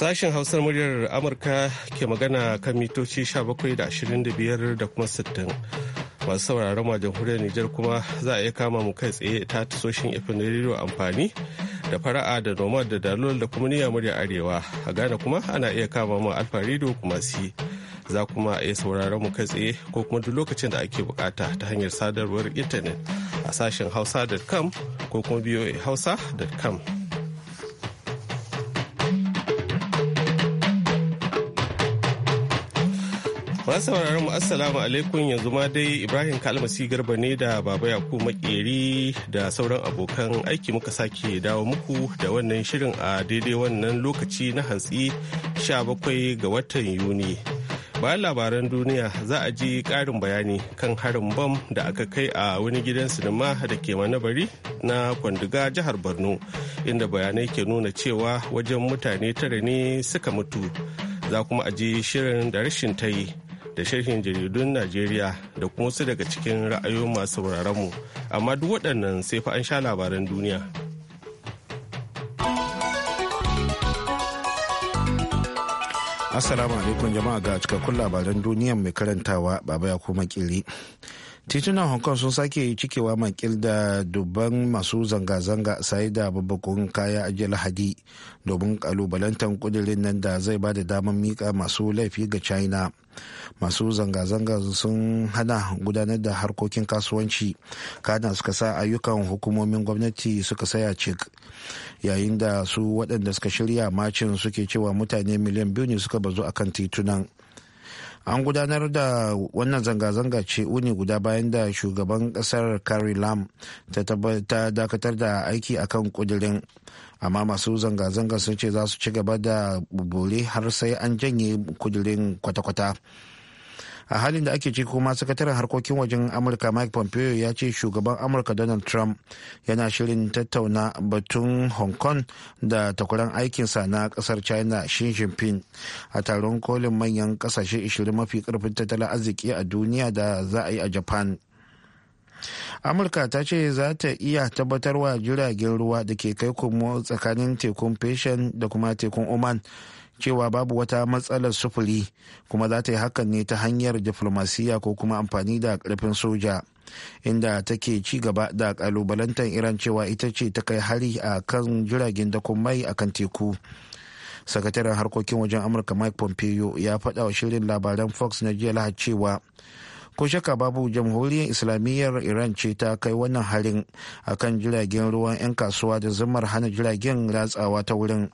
Sashen Hausar muryar Amurka ke magana kan mitoci 17 da 25 da kuma 60. masu sauraron ma jamhuriyar Nijar kuma za a iya kama mu kai tsaye ta tasoshin ifin rediyo amfani da fara'a da noma da dalol da kuma niyyar muryar arewa a Ghana kuma ana iya kama mu alfa rediyo kuma si za kuma a iya sauraron mu kai tsaye ko kuma duk lokacin da ake bukata ta hanyar sadarwar intanet a sashen hausa.com ko kuma voa hausa.com Masu sauraron mu assalamu alaikum yanzu ma dai Ibrahim Kalmasi Garba ne da Baba yaku Makeri da sauran abokan aiki muka sake dawo muku da wannan shirin a daidai wannan lokaci na hantsi 17 ga watan Yuni. Bayan labaran duniya za a ji karin bayani kan harin bam da aka kai a wani gidan sinima da ke manabari na kwanduga jihar Borno inda bayanai ke nuna cewa wajen mutane tara ne suka mutu. Za kuma a ji shirin da rashin ta yi. da sharhin jaridun Najeriya da kuma su daga cikin ra'ayoyin masu sauraron mu. Amma duk waɗannan sai fa an sha labaran duniya. Assalamu alaikum jama'a ga cikakkun labaran duniya mai karantawa baba ya kuma kili. titunan hong kong sun sake cikewa makil da dubban masu zanga-zanga sai da babbakon kaya a lahadi domin kalubalantar kudirin nan da zai ba da damar mika masu laifi ga china masu zanga-zanga sun hana gudanar da harkokin kasuwanci kana suka sa ayyukan hukumomin gwamnati suka saya cik yayin da su waɗanda suka shirya macin suke cewa mutane miliyan biyu ne suka bazu akan titunan an gudanar da wannan zanga-zanga ce uni guda bayan da shugaban kasar kari lam ta dakatar da aiki akan kudirin amma masu zanga-zanga sun ce za su ci gaba da bubure har sai an janye kudirin kwata-kwata a halin da ake ci kuma sakataren harkokin wajen amurka mike pompeo ya ce shugaban amurka donald trump yana shirin tattauna batun hong kong da takwaran aikinsa na kasar china xi jinping a taron kolin manyan kasashe 20 mafi karfin tattalin arziki a duniya da za a yi a japan amurka ta ce za ta iya tabbatarwa jiragen ruwa da ke kai komo tsakanin tekun fashion da kuma tekun oman cewa babu wata matsalar sufuri kuma za ta yi hakan ne ta hanyar diflomasiya ko kuma amfani da karfin soja inda take ci gaba da kalubalantar iran cewa ita ce ta kai hari a kan jiragen da mai a kan teku sakataren harkokin wajen amurka mike pompeo ya faɗa wa shirin labaran fox na jiya lahar cewa ko shaka babu jamhuriyar islamiyyar iran ce ta kai wannan harin a kan jiragen ruwan 'yan kasuwa da zumar hana jiragen ratsawa ta wurin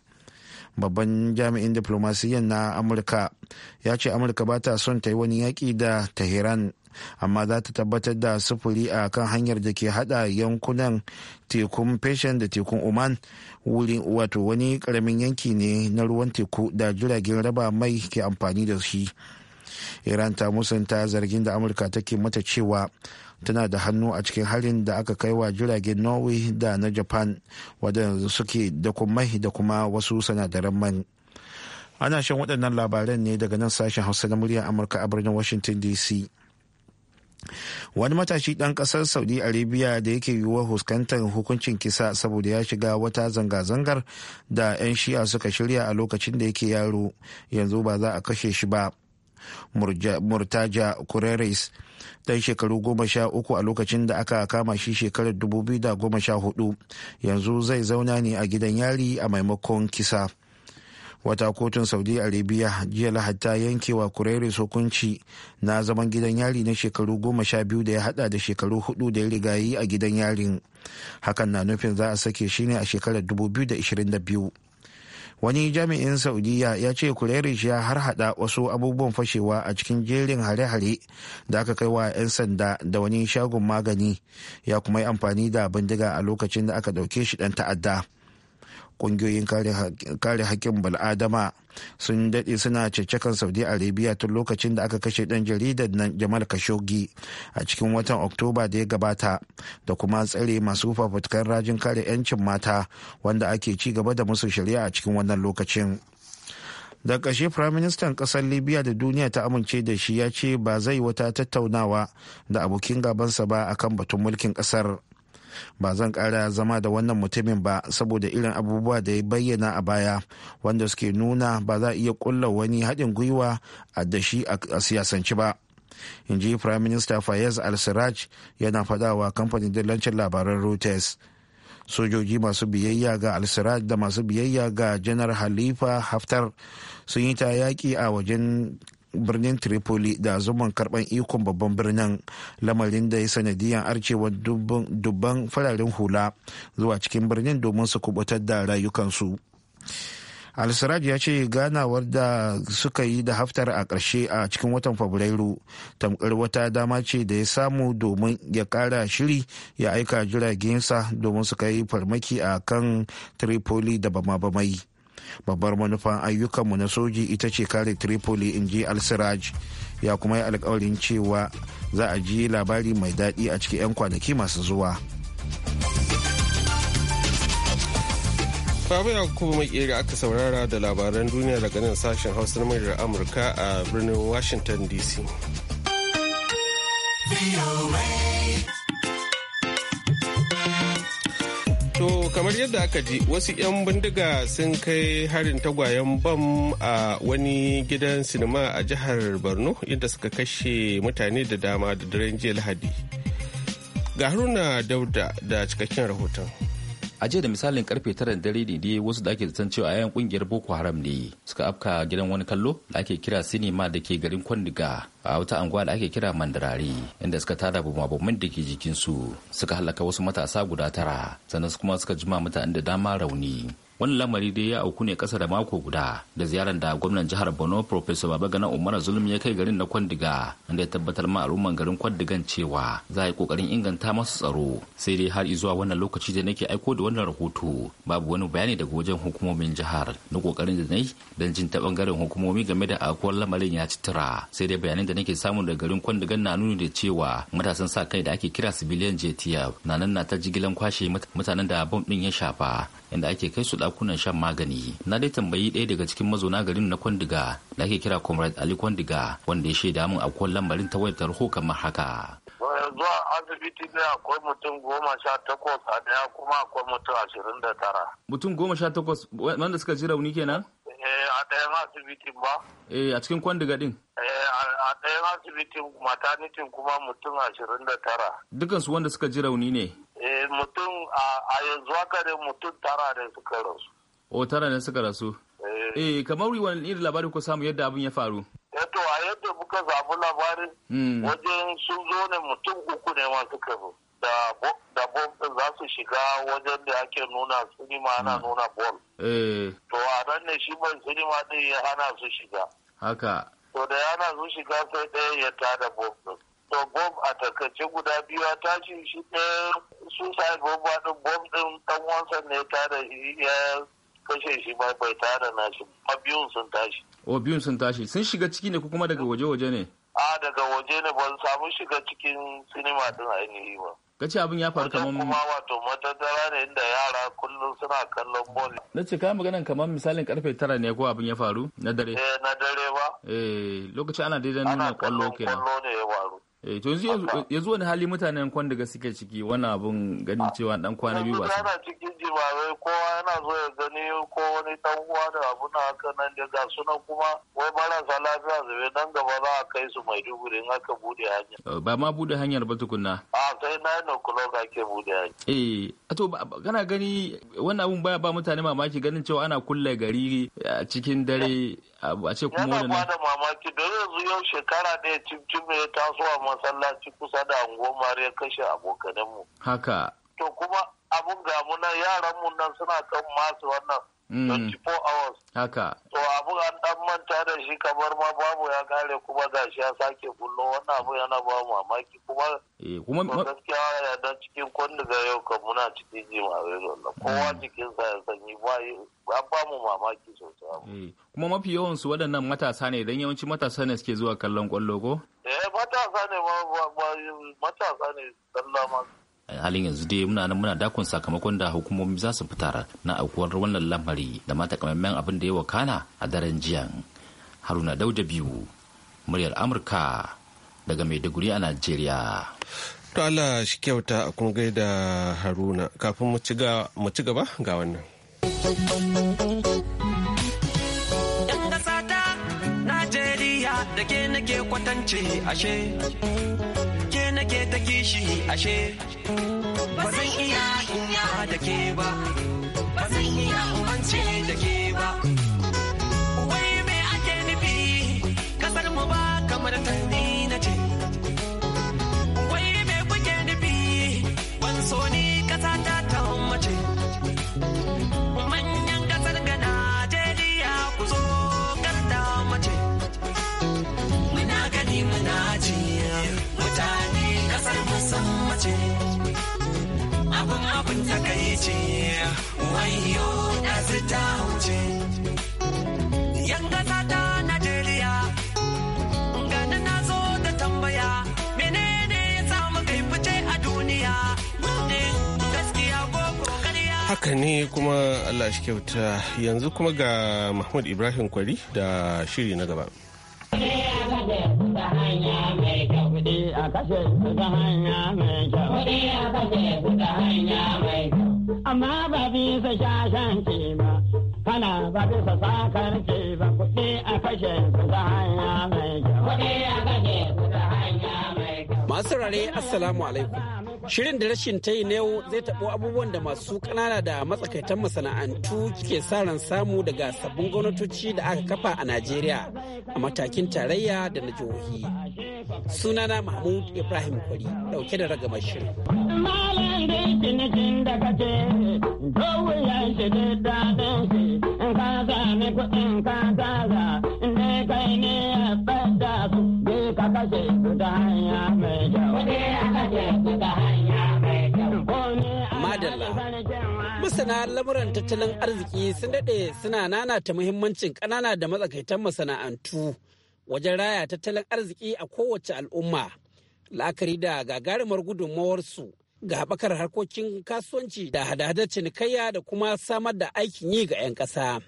babban jami'in diplomasiyyar na amurka ya ce amurka ba ta son ta yi wani yaƙi da tehran amma za ta tabbatar da sufuri a kan hanyar da ke hada yankunan tekun fashion da tekun oman wato wani karamin yanki ne na ruwan teku da jiragen raba mai ke amfani da shi iran ta musanta zargin da amurka take mata cewa tana da hannu a cikin harin da aka kai wa jiragen norway da na japan wadanda suke da mai da kuma wasu sanadaran man ana shan waɗannan labaran ne daga nan sashen hausa na muryar amurka a birnin washington dc wani matashi ɗan ƙasar saudi arabia da yake yiwuwa fuskantar hukuncin kisa saboda ya shiga wata zanga-zangar da 'yan shi'a suka shirya a lokacin da yake yaro yanzu ba za a kashe shi ba murtaja kureres dan shekaru goma sha uku a lokacin da aka kama shi shekarar dubu biyu da goma sha hudu yanzu zai zauna ne a gidan yari a maimakon kisa wata kotun saudi arabia jiya lahad ta yankewa kureres hukunci na zaman gidan yari na shekaru goma sha biyu da ya hada da shekaru hudu da ya riga yi a gidan yarin hakan na nufin za a sake shi ne a shekarar dubu biyu da da ishirin biyu. wani jami'in saudiya ya ce kulerish ya har hada wasu abubuwan fashewa a cikin jerin hare-hare da aka kai wa 'yan sanda da wani shagon magani ya kuma yi amfani da bindiga a lokacin da aka dauke shi dan ta'adda kungiyoyin kare hakkin bal'adama sun daɗe suna cecekan saudi arabia tun lokacin da aka kashe ɗan jaridar nan jamal khashoggi a cikin watan oktoba da ya gabata da kuma tsare masu fafutukan rajin kare 'yancin mata wanda ake ci gaba da musu shari'a a cikin wannan lokacin da ƙashe firaministan ƙasar libya da duniya ta amince da shi ya ce ba zai wata tattaunawa da abokin gabansa ba akan batun mulkin ƙasar. ba zan ƙara zama da wannan mutumin ba saboda irin abubuwa da ya bayyana a baya wanda suke nuna ba za a iya ƙulla wani haɗin gwiwa a da shi a siyasance ba in ji prime minister fayez al-siraj yana faɗawa kamfanin dillancin labaran reuters sojoji masu biyayya ga al-siraj da masu biyayya ga janar halifa haftar sun yi ta yaƙi a wajen birnin tripoli da zuman karban ikon babban birnin lamarin da ya sanadiyar arcewa dubban fararen hula zuwa cikin birnin domin su kubutar da rayukansu al-siraj ya ce ganawar da suka yi da haftar a ƙarshe a cikin watan fabrairu tamkar wata dama ce da ya samu domin ya ƙara shiri ya aika jiragensa domin su kai farmaki a kan tripoli da bama-bamai babbar manufan ayyukanmu na soji ita ce kare tripoli in ji al-siraj ya kuma yi alkawarin cewa za a ji labari mai daɗi a cikin 'yan kwanaki masu zuwa babu kuma Yakubu Makeri aka saurara da labaran duniya daga nan sashen Hausa na muryar Amurka a birnin Washington DC. To kamar yadda aka ji wasu 'yan bindiga sun kai harin tagwayen bam a wani gidan sinima a jihar Borno inda suka kashe mutane da dama da daren jiya Lahadi. Ga haruna dauda da cikakken rahoton. a jiya da misalin karfe tara da dare ne wasu da ake zaton cewa yayan kungiyar boko haram ne suka afka gidan wani kallo da ake kira sinima da ke garin kwandiga a wata anguwa da ake kira mandarari inda suka tara bumabumin da ke jikinsu suka halaka wasu matasa guda tara sannan kuma suka jima mutane da dama rauni wannan lamari dai ya auku ne kasa da mako guda da ziyarar da gwamnan jihar Bono professor babagana umaru zulum ya kai garin na kwandiga inda ya tabbatar ma al'umman garin kwandigan cewa za a yi kokarin inganta masu tsaro sai dai har zuwa wannan lokaci da nake aiko da wannan rahoto babu wani bayani daga wajen hukumomin jihar na kokarin da nayi don jin ta bangaren hukumomi game da akuwar lamarin ya ci tura sai dai bayanan da nake samu daga garin kwandigan na nuni da cewa matasan sa kai da ake kira civilian jtf na nan na ta jigilan kwashe mutanen da bom din ya shafa inda ake kai su ɗakunan shan magani na dai tambayi ɗaya daga cikin mazauna garin na kwandiga da ake kira comrade ali kwandiga wanda ya shaida min akwai lambarin ta wayar tarho kamar haka a asibiti ne akwai mutum goma sha takwas a daya kuma akwai mutum ashirin da tara. Mutum goma sha takwas wanda suka ji rauni kenan? Eh, a ɗayan asibitin ba. Eh a cikin kwandiga ɗin? Eh, a ɗayan asibitin matanitin kuma mutum ashirin da tara. Dukansu wanda suka ji rauni ne? Eh, mutum a yanzu haka da mutum tara ne suka rasu. O tara ne suka rasu. Eh, eh kamar wani irin labari ko samu yadda abin ya faru. Eto eh, a yadda muka samu labarin hmm. wajen sun zo ne mutum uku ne masu karu. Da bom za su shiga wajen da ake nuna sinima ana hmm. nuna bol. To a nan ne shi mai sinima ɗin ya hana su shiga. Haka. To da ya hana su shiga sai ɗaya ya tada bom din. to bom a takarce guda biyu ya tashi shi ɗaya suicide bomber ɗin bom ɗin ɗan wansa ne ta da ya kashe shi ma bai tara na shi ma biyun sun tashi. O biyun sun tashi sun shiga ciki ne ko kuma daga waje-waje ne? A daga waje ne ban samu shiga cikin sinima ɗin ainihi ba. Gaci abin ya faru kamar kuma wato matattara ne inda yara kullum suna kallon bol. Na ce kayan maganan kamar misalin karfe tara ne ko abin ya faru na dare? Eh na dare ba. Eh lokacin ana daidai nuna kwallo kenan. Ana kwallo ne ya faru. Eh, to eh, yanzu wani hali mutanen kwan daga suke ciki wani abun ganin cewa dan kwana biyu ba su. Yana cikin jimare kowa yana zo ya gani ko wani dan uwa da abu na haka nan da ga sunan kuma wai marasa lafiya zube nan gaba za a kai su mai duguri in aka bude hanyar. Eh, ba ma bude hanyar ba tukunna. A sai na yana kula ga ke bude hanyar. Eh, to kana gani wannan abun baya ba mutane mamaki ganin cewa ana kulle gari cikin dare a ce kuma yana bada mamaki da yanzu yau shekara da ya cimcim ya taso a masallaci kusa da anguwar ya kashe mu. haka to kuma abun gamu na yaran mu nan suna kan masu wannan 24 mm. hours haka to abu an dan manta da shi kamar ma babu ya kare kuma gashi ya sake bullo wannan abu yana ba mamaki kuma eh kuma gaskiya ya dan cikin kunni ga yau kan muna cikin jimawe wannan kowa cikin mm. sa ya sanyi ba an ba mu mamaki sosai eh kuma mafi yawan su waɗannan matasa ne dan yawanci matasa ne suke zuwa kallon kwallo ko eh matasa ne matasa ne sallah ma halin yanzu dai muna nan muna dakon sakamakon da hukumomi za su fitar na aukuwar wannan lamari da mata takamaiman abin da ya wakana a daren jiya haruna dauda biyu muryar amurka daga maiduguri a najeriya to allah shi kyauta a kun gaida haruna kafin mu ci gaba ga wannan da ke nake kwatance ashe nake ta kishi ashe ba zan iya ya da ke ba ba zan iya umance wayo ɗazu ta yan ƙasa najeriya na zo tambaya menene ya fice a duniya haka ne kuma allah shi kyauta yanzu kuma ga mahmud ibrahim kwari da shiri na gaba a kashe hanya mai amma ba bisa ke ba kana ba bisa ke ba kuɗi a kashe su ta hanya mai kyau. Kuɗi a kashe su ta hanya mai kyau. Masu rare Assalamu alaikum. Shirin da rashin ta yi na yau zai taɓo abubuwan da masu ƙanana da matsakaitan masana'antu ke sa ran samu daga sabbin gwamnatoci da aka kafa a Najeriya a matakin tarayya da na jihohi. Sunana Mahmud Ibrahim Kwari dauke da ragamar shirin. Malam Madalla. Masana lamuran tattalin arziki sun daɗe suna nana ta muhimmancin ƙanana da matsakaitan masana'antu wajen raya tattalin arziki a kowace al'umma. La'akari da gagarumar gudunmawarsu ga haɓakar harkokin kasuwanci da hada-hadar cinikayya da kuma samar da aikin yi ga 'yan ƙasa.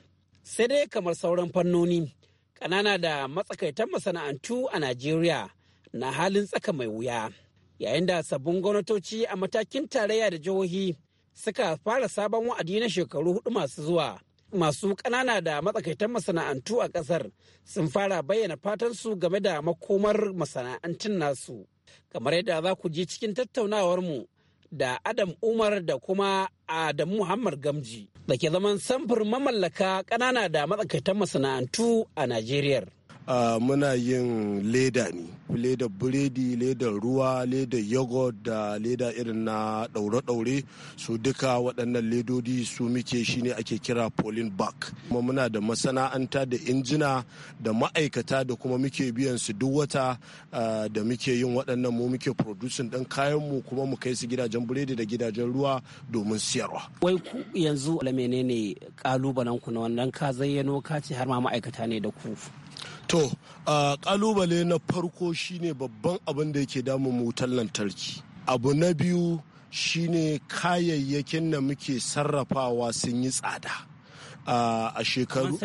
Sai dai kamar sauran fannoni, ƙanana da matsakaitan masana'antu a Najeriya na halin tsaka mai wuya. Yayin da sabbin gwamnatoci a matakin tarayya da jihohi suka fara sabon wa'adi na shekaru hudu masu zuwa. Masu ƙanana da matsakaitan masana'antu a ƙasar sun fara bayyana fatan su game da makomar masana'antun nasu. Kamar yadda za ku ji cikin tattaunawar mu. da Adam Umar da kuma Adam Muhammad Gamji da ke zaman samfur mamallaka ƙanana da matsakaitan masana'antu a Najeriya. Ah, muna yin leda ne leda biredi leda ruwa leda yogurt da leda irin na daure-daure su duka waɗannan ledodi su muke shine ake kira polin back kuma muna da masana'anta da injina da ma'aikata da kuma muke biyan su duk wata ah, da muke yin waɗannan mu muke producing ɗan kayan mu kuma mu kai su gidajen biredi da gidajen ruwa domin siyarwa wai yanzu menene kalubalen ku na wannan ka zayyano ka ce har ma ma'aikata ne da ku To, kalubale na farko shine babban abin da yake damun wutar lantarki. Abu na biyu shine kayayyakin da muke sarrafawa sun yi tsada. a shekaru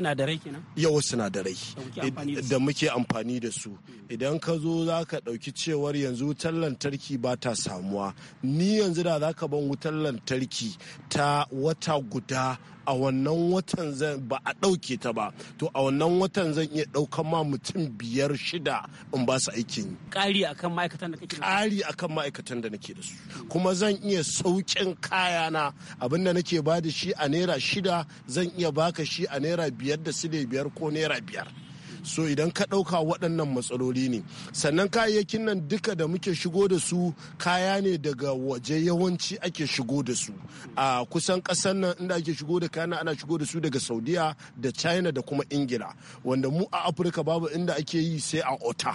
yawa sinadarai da muke amfani da su idan ka zo za ka ɗauki cewar yanzu wutar lantarki ba ta samuwa ni yanzu da za ka ban wutar lantarki ta wata guda a wannan watan zan ba a ɗauke ta ba to a wannan watan zan iya ɗaukan ma mutum biyar shida in ba su aikin yi ƙari akan ma'aikatan da kake ƙari akan ma'aikatan da nake da su kuma zan iya sauƙin kayana abin da nake ba da shi a naira shida zan iya baka shi a naira biyar da su biyar ko naira biyar so idan ka ɗauka waɗannan matsaloli ne sannan kayayyakin nan duka da muke shigo da su kaya ne daga waje yawanci ake shigo da su a kusan ƙasar nan inda ake shigo da kayan ana shigo da su daga saudiya da china da kuma ingila wanda mu a afirka babu inda ake yi sai a ota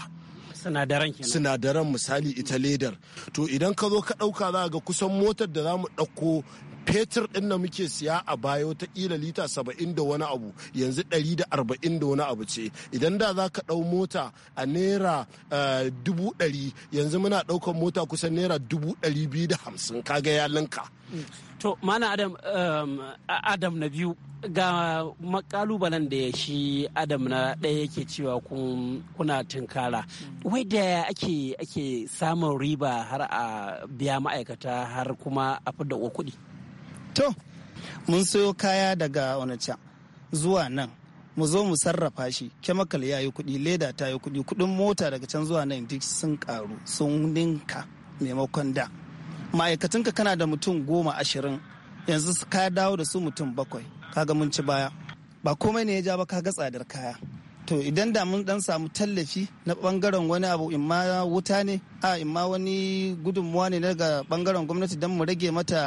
sinadaran kenan sinadaran misali ita ledar to idan ka zo ka ɗauka za ga kusan motar da za mu ɗauko fetur din na muke siya a bayo ta kila lita saba'in da wani abu yanzu ɗari da arba'in da wani abu ce idan da za ka ɗau mota a naira eh, dubu ɗari yanzu muna ɗaukar mota kusan naira dubu ɗari biyu da hamsin kaga ya linka to mana adam um, adam na biyu ga makalubalen da ya shi adam na ɗaya yake cewa kuna tunkara wai da ake ake samun riba har a biya ma'aikata har kuma a fidda kuɗi to mun sayo kaya daga onacha zuwa nan mu zo mu sarrafa shi kemakal ya yi kuɗi leda ta yi kuɗi kuɗin mota daga can zuwa nan duk sun karu sun ninka maimakon da ma'aikatanka kana da mutum goma ashirin yanzu ka dawo da su mutum bakwai kaga mun ci baya ba komai ne ya ja ba kaga tsadar kaya to idan da mun dan samu tallafi na bangaren wani abu in ma wuta ne a in ma wani gudunmuwa ne daga bangaren gwamnati don mu rage mata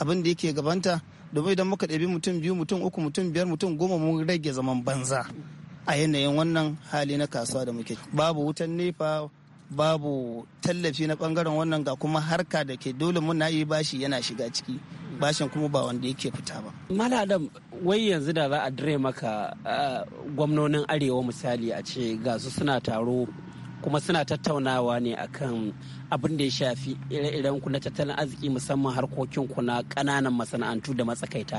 abin da yake gabanta domin idan muka ɗabi mutum biyu mutum uku mutum biyar mutum goma mun rage zaman banza a yanayin wannan hali na kasuwa da muke babu wutan nefa babu tallafi na bangaren wannan ga kuma harka da ke dole muna yi bashi yana shiga ciki bashin kuma ba wanda yake fita ba. Maladam wai yanzu da za a dire maka ah, gwamnonin arewa misali a ce ga su suna taro kuma suna tattaunawa ne akan abin da ya shafi ire-iren ku na tattalin arziki musamman harkokin ku na ƙananan masana'antu da matsakaita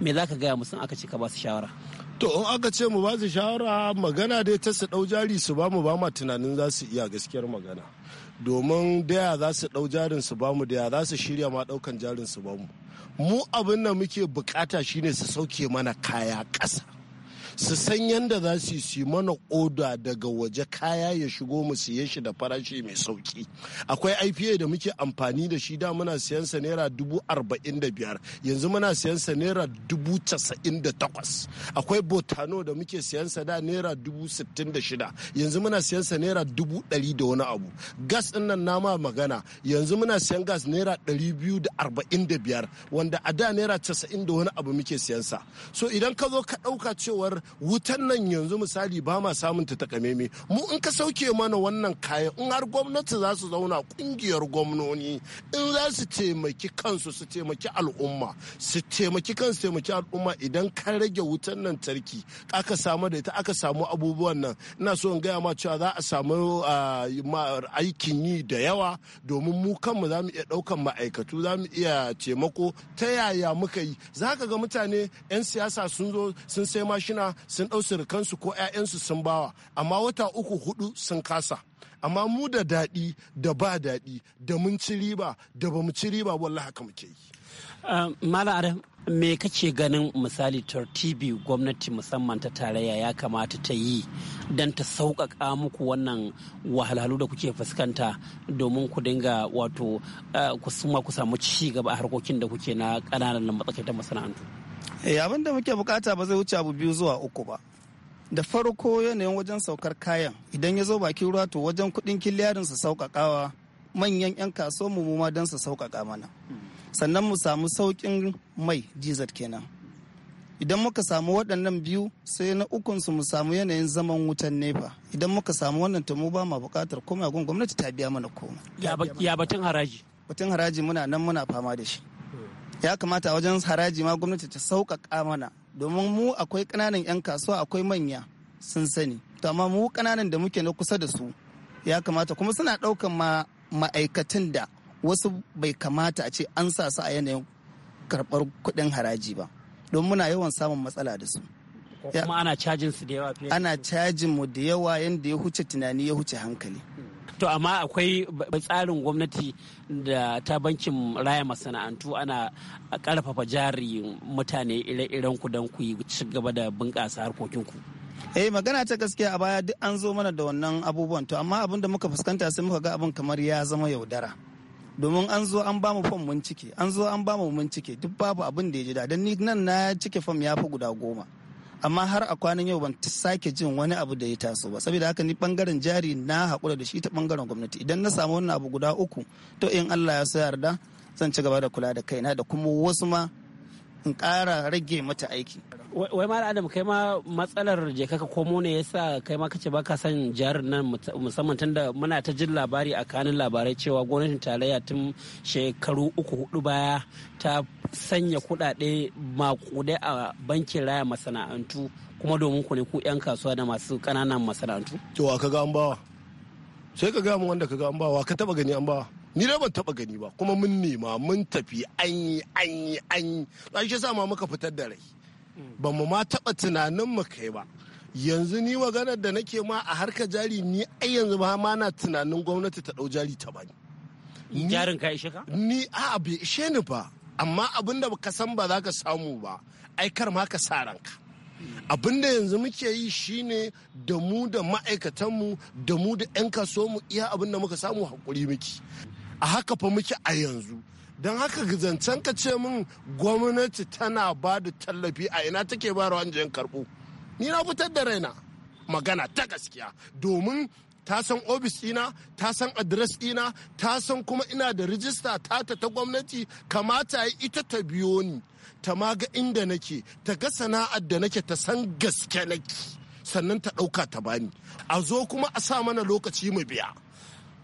me za ka gaya musu aka ce ka ba su shawara to in aka ce mu ba su shawara magana dai ta su ɗau jari su ba mu ba ma tunanin za su iya gaskiyar magana domin daya za su ɗau jarin su ba mu daya za su shirya ma ɗaukan jarin su ba mu mu abin da muke bukata shine su sauke mana kaya ƙasa su san yadda za su yi mana oda daga waje kaya ya shigo mu siye shi da farashi mai sauki akwai ipa da muke amfani da shi da muna siyan sa naira dubu arba'in da biyar yanzu muna siyan sa naira dubu casa'in da takwas akwai botano da muke siyan sa da naira dubu sittin da shida yanzu muna siyan sa naira dubu ɗari da wani abu gas din nan nama magana yanzu muna siyan gas naira ɗari biyu da arba'in da biyar wanda a da naira casa'in da wani abu muke siyan sa so idan ka zo ka ɗauka cewar wutan nan yanzu misali ba ma samun ta takameme mu in ka sauke mana wannan kayan in har gwamnati za su zauna kungiyar gwamnoni in za su taimaki kansu su taimaki al'umma su taimaki kansu taimaki al'umma idan ka rage wutan nan tarki aka samu da ita aka samu abubuwan nan ina so in gaya ma cewa za a samu ah, aikin yi da yawa domin mu kanmu za mu iya ɗaukan ma'aikatu za mu iya taimako ta yaya muka yi za ka ga mutane 'yan siyasa sun zo sun sai mashina sun ɗau surukansu ko 'ya'yansu sun bawa amma wata uku hudu sun kasa amma mu da daɗi da ba daɗi da mun ci riba da ba mu ci riba wallahi haka muke yi. Uh, me kace ganin misali tartibi gwamnati musamman ta tarayya ya kamata ta yi don ta sauƙaƙa muku wannan wahalhalu da kuke fuskanta domin ku dinga wato uh, ku samu ci gaba a harkokin da kuke na ƙananan matsakaitar masana'antu. Eh abin da muke bukata ba zai wuce abu biyu zuwa uku ba. Da farko yanayin wajen saukar kayan idan ya zo bakin ruwa to wajen kuɗin kiliyarin su sauƙaƙawa manyan 'yan kaso mu ma don su sauƙaƙa mana. Sannan mu samu sauƙin mai jizat kenan. Idan muka samu waɗannan biyu sai na ukun su mu samu yanayin zaman wutan nefa. Idan muka samu wannan to mu ba ma buƙatar komai gwamnati ta biya mana komai. Ya batun haraji. Batun haraji muna nan muna fama da shi. ya kamata a wajen haraji ma gwamnati ta sauƙaƙa mana domin mu akwai ƙananan 'yan kasuwa akwai manya sun sani to amma mu ƙananan da muke na kusa da su ya kamata kuma suna ɗaukan ma ma'aikatan da wasu bai kamata a ce an sa su a yanayin karɓar kuɗin haraji ba don muna yawan samun matsala da su kuma ana cajin su da yawa ana cajin mu da yawa yanda ya huce tunani ya huce hankali to amma akwai tsarin gwamnati da ta bankin raya masana'antu ana karfafa jari mutane ire-iren ku don ku yi ci gaba da bunƙasa harkokinku eh magana ta gaskiya a baya duk an zo mana da wannan abubuwan to amma abin da muka fuskanta sai muka ga abin kamar ya zama yaudara domin an zo an bamu fom mun cike an zo an bamu mun cike duk babu abin da ya ji da dan ni nan na cike fam ya fi guda goma amma har a kwanan yau ban sake jin wani abu da ya taso ba saboda haka ni bangaren jari na haƙura da shi ta bangaren gwamnati idan na samu wannan abu guda uku to in Allah ya so yarda zan ci gaba da kula da kaina da kuma wasu ma in ƙara rage mata aiki wai ma adam kai ma matsalar je kaka komo ne yasa kai ma kace baka son jihar nan musamman tunda muna ta jin labari a kanin labarai cewa gwamnatin tarayya tun shekaru uku hudu baya ta sanya kudade makudai a bankin raya masana'antu kuma domin ku ne ku yan kasuwa da masu kananan masana'antu to ka ga an bawa sai ka ga mu wanda ka ga an bawa ka taba gani an bawa ni da ban taba gani ba kuma mun nema mun tafi an yi an yi an yi shi sa ma muka fitar da rai ba mu ma taɓa tunanin mu kai ba yanzu ni maganar da nake ma a harka jari ni ai yanzu ba ma na tunanin gwamnati ta ɗau jari ta bani. jarin ka ishe ka? ni a bai ishe ni ba amma abin da ka san ba za ka samu ba ai kar ma ka sa ranka abin da yanzu muke yi shine da mu da ma'aikatanmu da mu da 'yan mu iya abin da muka samu hakuri muke a haka fa muke a yanzu don haka gizancen ka ce min gwamnati tana ba da tallafi a ina take ba da wajen karɓo ni na fitar da raina magana ta gaskiya domin ta san ofis ɗina ta san adres ɗina ta san kuma ina da rijista tata ta gwamnati kamata ya ita ta biyo ni ta ma ga inda nake ta ga sana'ar da nake ta san gaske nake sannan ta ɗauka ta bani a zo kuma a sa mana lokaci mu biya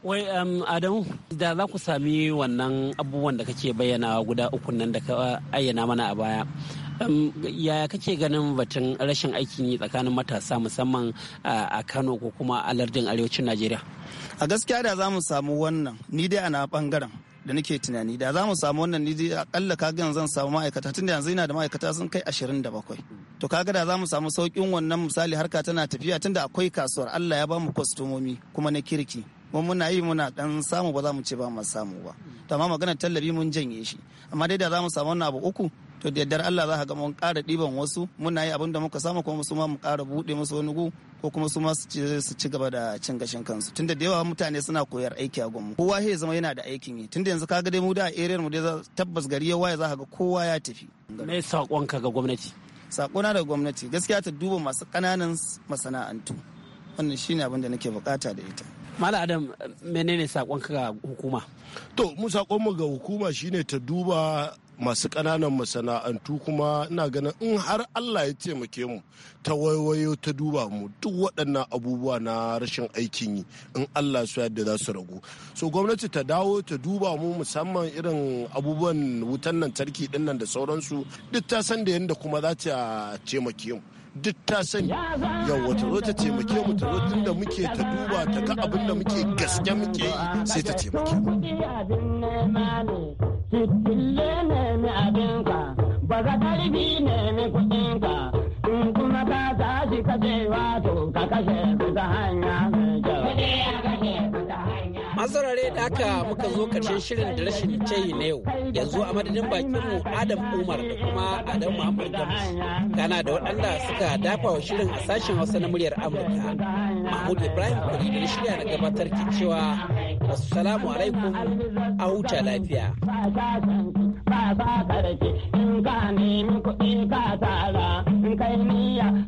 Wai um, Adamu, da za ku sami wannan abubuwan da kake bayyana guda uku nan da ka ayyana mana a baya. Um, yaya kake ganin batun rashin aikin yi tsakanin matasa musamman a Kano ko kuma a lardin arewacin Najeriya? A gaskiya da za mu samu wannan, ni dai ana bangaren. da nake tunani da za mu samu wannan ni dai akalla ga zan samu ma'aikata tunda yanzu yana da ma'aikata sun kai ashirin da bakwai to ka ga da za mu samu saukin wannan misali harka tana tafiya tunda akwai kasuwar Allah ya ba mu kwastomomi kuma na kirki mu muna yi muna dan samu ba za mu ce ba mu samu ba to amma maganar tallafi mun janye shi amma dai da za mu samu wannan abu uku to da yardar Allah za ka ga mun ƙara ɗiban wasu muna yi abin da muka samu kuma su ma mu ƙara buɗe musu wani gu ko kuma su ma su ci gaba da cin gashin kansu tunda da yawa mutane suna koyar aiki a gwamnati kowa ya zama yana da aikin yi tunda yanzu kaga dai mu da a mu dai tabbas gari ya waye za ka ga kowa ya tafi me saƙonka ga gwamnati sakona da gwamnati gaskiya ta duba masu kananan masana'antu wannan shine abin da nake bukata da ita Malam Adam menene sakon ga hukuma? To mu sakon mu ga hukuma shine ta duba masu ƙananan masana'antu kuma ina ganin in har Allah ya taimake mu ta waiwayo ta duba mu duk waɗannan abubuwa na rashin aikin yi in Allah su yadda za su ragu so gwamnati ta dawo ta duba mu musamman irin abubuwan wutan lantarki ɗin nan da sauransu duk ta san da yadda kuma za ta taimake mu duk ta sani yau wata zo ta taimake mu ta zo tunda muke ta duba ta ga abin da muke gaske muke yi sai ta taimake mu kuɗinka in kuma ka tashi ka kashe hanya mai masarare da aka muka zo karshen shirin da rashin tayi na yau yanzu a madadin mu adam umar da kuma adam muhammad gamsu kana da waɗanda suka dafa wa shirin a sashen hausa na muryar amurka mahmud ibrahim kuri da shirya na gabatar ke cewa salamu alaikum a huta lafiya in ka nemi kuɗi ka tara in kai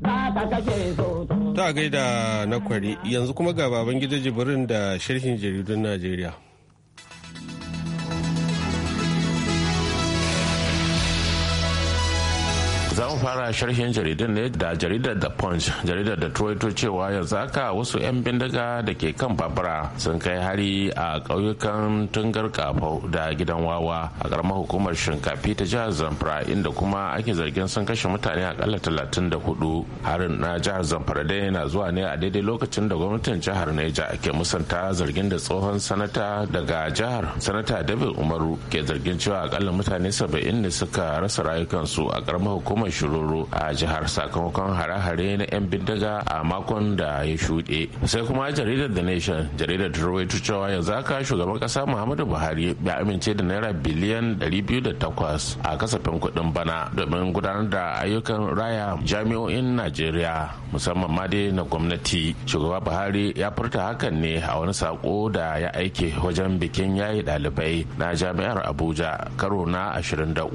ka so Ta gaida na kwari yanzu kuma ga baban gida jibirin da sharhin jaridun Najeriya. za mu fara sharhin jaridar ne da jaridar da punch jaridar da troito cewa yanzu haka wasu 'yan bindiga da ke kan babura sun kai hari a ƙauyukan tungar kafau da gidan wawa a ƙaramar hukumar shinkafi ta jihar zamfara inda kuma ake zargin sun kashe mutane akalla talatin da hudu harin na jihar zamfara dai na zuwa ne a daidai lokacin da gwamnatin jihar neja ke musanta zargin da tsohon sanata daga jihar sanata david umaru ke zargin cewa akalla mutane saba'in ne suka rasa rayukansu a ƙaramar hukumar hukumar shiroro a jihar sakamakon hare-hare na 'yan bindiga a makon da ya shuɗe sai kuma jaridar the nation jaridar ta cewa yanzu haka shugaban Kasa muhammadu buhari ya amince da naira biliyan 208 a kasafin kuɗin bana domin gudanar da ayyukan raya jami'o'in najeriya musamman ma dai na gwamnati shugaba buhari ya furta hakan ne a wani sako da ya aike wajen bikin yayi ɗalibai na jami'ar abuja karo na 23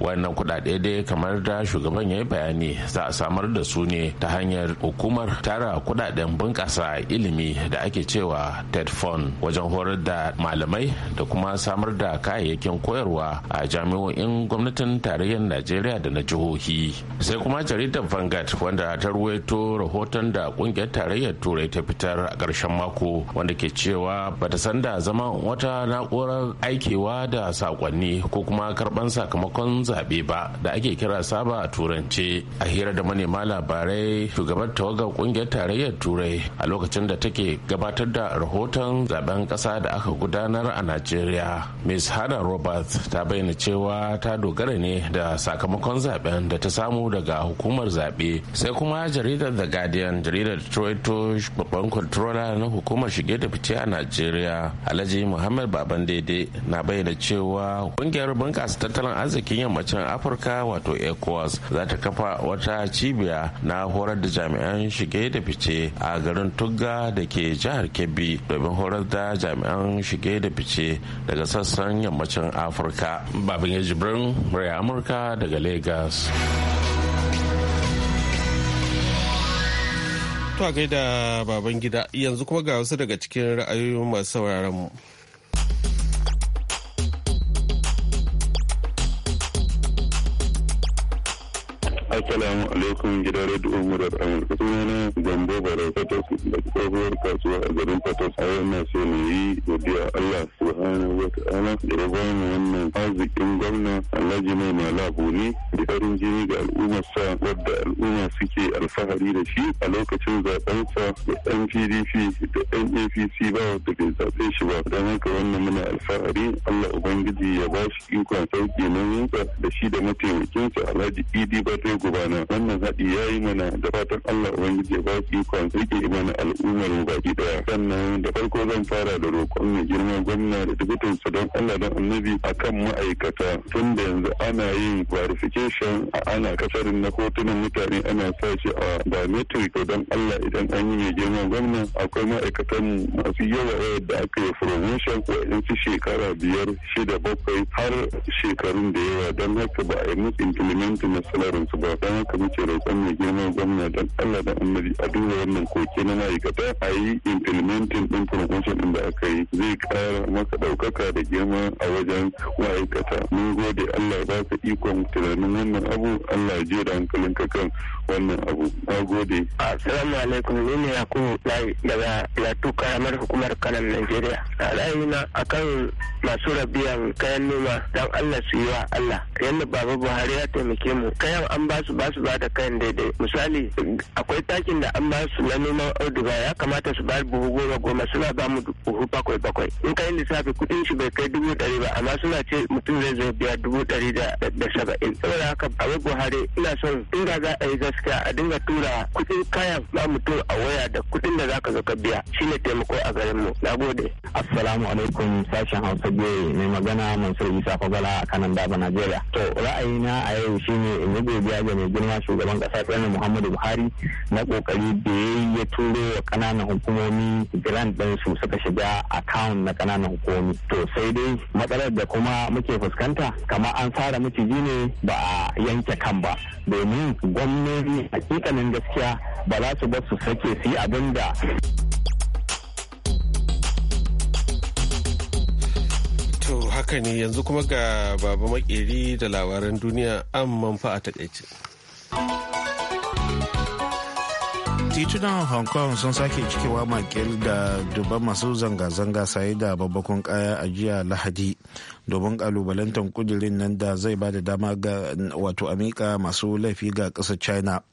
wannan kuɗaɗe dai kamar da shugaban ya yi bayani za a samar da su ne ta hanyar hukumar tara kudaden bunƙasa ilimi da ake cewa ted fund wajen horar da malamai da kuma samar da kayayyakin koyarwa a jami'o'in gwamnatin tarayyar najeriya da na jihohi sai kuma jaridar vangard wanda ta ruwaito rahoton da kungiyar tarayyar turai ta fitar a ƙarshen mako wanda ke cewa bata san da zama wata na'urar aikewa da sakonni ko kuma karban sakamakon zaɓe ba da ake kira saba kuma a turance a hira da manema labarai shugaban tawagar kungiyar tarayyar turai a lokacin da take gabatar da rahoton zaben kasa da aka gudanar a najeriya ms hannah roberts ta bayyana cewa ta dogara ne da sakamakon zaben da ta samu daga hukumar zaɓe sai kuma jaridar the guardian jaridar troito babban kwantrola na hukumar shige da fice a najeriya alhaji muhammad baban daidai na bayyana cewa kungiyar bunƙasa tattalin arzikin yammacin afirka wato ecowas Lagos za ta kafa wata cibiya na horar da jami'an shige da fice a garin Tugga da ke jihar Kebbi domin horar da jami'an shige da fice daga sassan yammacin Afirka. Babin Jibrin murya Amurka daga Lagos. To gaida baban yanzu kuma ga wasu daga cikin ra'ayoyin masu sauraron mu. Assalamu alaikum gidan Radio Murar Amurka sunana Gambo Barau Fatos da tsohuwar kasuwa a garin Fatos a yau na so ne yi godiya Allah subhanahu wa ta'ala da ya mu wannan arzikin gwamna Alhaji Mai Malabu ne da farin jini da al'ummar sa wadda al'umma suke alfahari da shi a lokacin zaben sa da ɗan PDP da ɗan APC ba wadda bai zaɓe shi ba don haka wannan muna alfahari Allah Ubangiji ya ba shi ikon sauƙi nauyinsa da shi da mataimakinsa Alhaji Idi Batego gudana wannan haɗi ya yi mana da fatan Allah Ubangiji ya ba su ikon rike mana al'ummar mu baki daya sannan da farko zan fara da roƙon mai girma gwamna da dubutan su don Allah don annabi kan ma'aikata tun da yanzu ana yin verification a ana kasarin na kotunan mutane ana sa shi a biometric to don Allah idan an yi mai girma gwamna akwai ma'aikatan masu yawa da aka yi promotion wa'yansu shekara biyar shida bakwai har shekarun da yawa don haka ba a yi musu implementing na su ba roƙon haka muke roƙon mai girma gwamna don Allah da annabi a duba wannan koke na ma'aikata a yi implementing din promotion din da aka yi zai ƙara maka ɗaukaka da girma a wajen ma'aikata mun gode Allah ba ka ikon tunanin wannan abu Allah je da ka kan wannan abu na gode assalamu alaikum ni ne yakubu layi daga latu karamar hukumar kanan najeriya a ra'ayina akan masu rabiyan kayan noma don allah su yi wa allah yanda baba buhari ya taimake mu kayan an ba su ba su ba da kayan daidai misali akwai takin da an ba su na noman auduga ya kamata su ba buhu goma goma suna ba mu buhu bakwai bakwai in kayan lissafi kuɗin shi bai kai dubu ɗari ba amma suna ce mutum zai zo biya dubu ɗari da saba'in saboda haka baba buhari ina son in ga za a yi gaskiya a dinga tura kuɗin kayan za mu tura a waya da kuɗin da za ka zo ka biya shine taimako a garin mu na gode assalamu alaikum sashen hausa biyu mai magana mansur isa fagala a kanan daba najeriya to ra'ayina a yau shine in yi godiya ga mai girma shugaban kasa tsanin muhammadu buhari na kokari da ya turo wa kananan hukumomi grant su suka shiga account na kananan hukumomi to sai dai matsalar da kuma muke fuskanta kamar an fara maciji ne ba a yanke kan ba domin gwamnati a hakikanin gaskiya ba za su ba su sake su yi abin da to haka ne yanzu kuma ga Babu makeri da labaran duniya amman fa a takaice tituna hong kong sun sake cikewa makil da dubban masu zanga-zanga saye da babbakon kaya a jiya lahadi domin kalubalantar kudirin nan da zai ba da dama ga wato amika masu laifi ga ƙasar china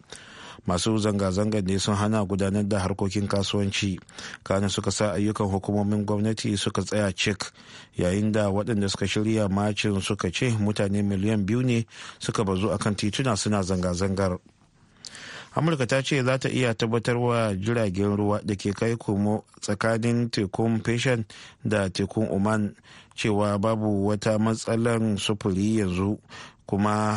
masu zanga zanga ne sun hana gudanar da harkokin kasuwanci kana suka sa ayyukan hukumomin gwamnati suka tsaya cik yayin da waɗanda suka shirya macin suka ce mutane miliyan biyu ne suka bazu akan tituna suna zanga-zangar amurka ta ce za ta iya tabbatar wa jiragen ruwa da ke kai komo tsakanin tekun fashion da tekun oman cewa babu wata matsalan sufuri yanzu kuma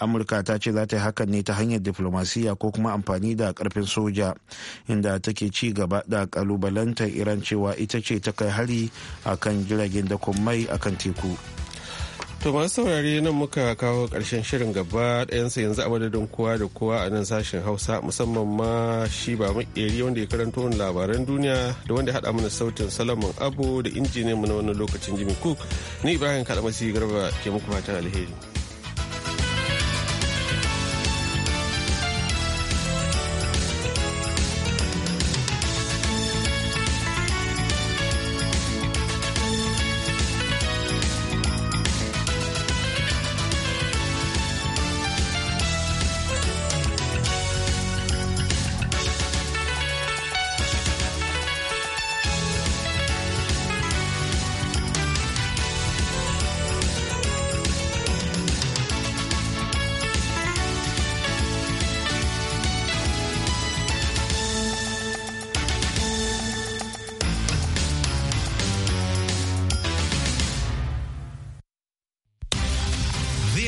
amurka ta ce za ta yi hakan ne ta hanyar diflomasiya ko kuma amfani da karfin soja inda take ci gaba da kalubalantar iran cewa ita ce ta kai hari akan jiragen da mai akan teku. To masu saurari nan muka kawo karshen shirin gaba ɗayansa yanzu a madadin kowa da kowa a nan sashen Hausa musamman ma shi ba makeri wanda ya karanto wani labaran duniya da wanda haɗa mana sautin Solomon Abu da injiniyan mu na wannan lokacin Jimmy Cook. Ni Ibrahim Kalamasi Garba ke muku fatan alheri.